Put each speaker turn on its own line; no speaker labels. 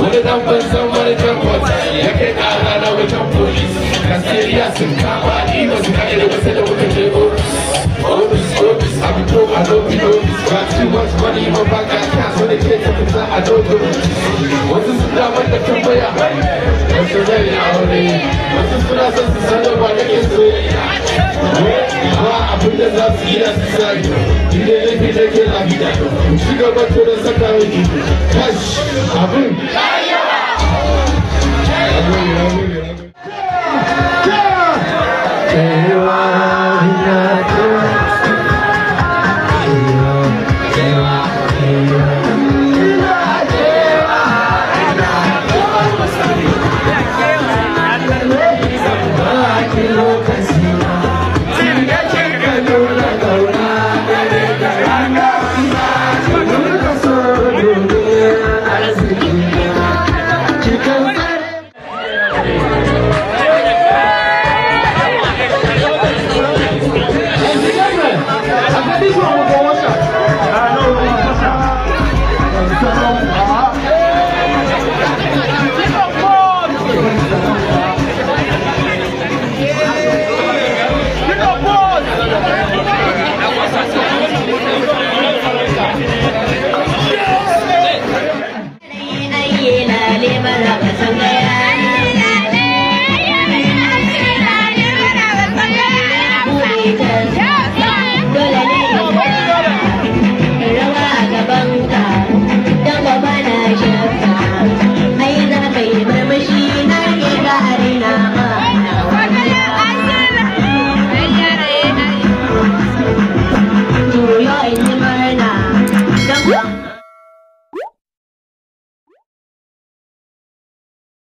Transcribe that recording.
wani dan banzan wani dan kwata ya kai kara na wajen polis kasiriya sun kama ni ba su kai da wasu da muka je ofis ofis ofis a a lobi ofis ba ci wasu wani ba ba ka ka so da ke tafi za a dogo wasu su damar da kan baya wasu zai aure wasu suna son su sanar ba so ina tsayo Yeah! Hallelujah.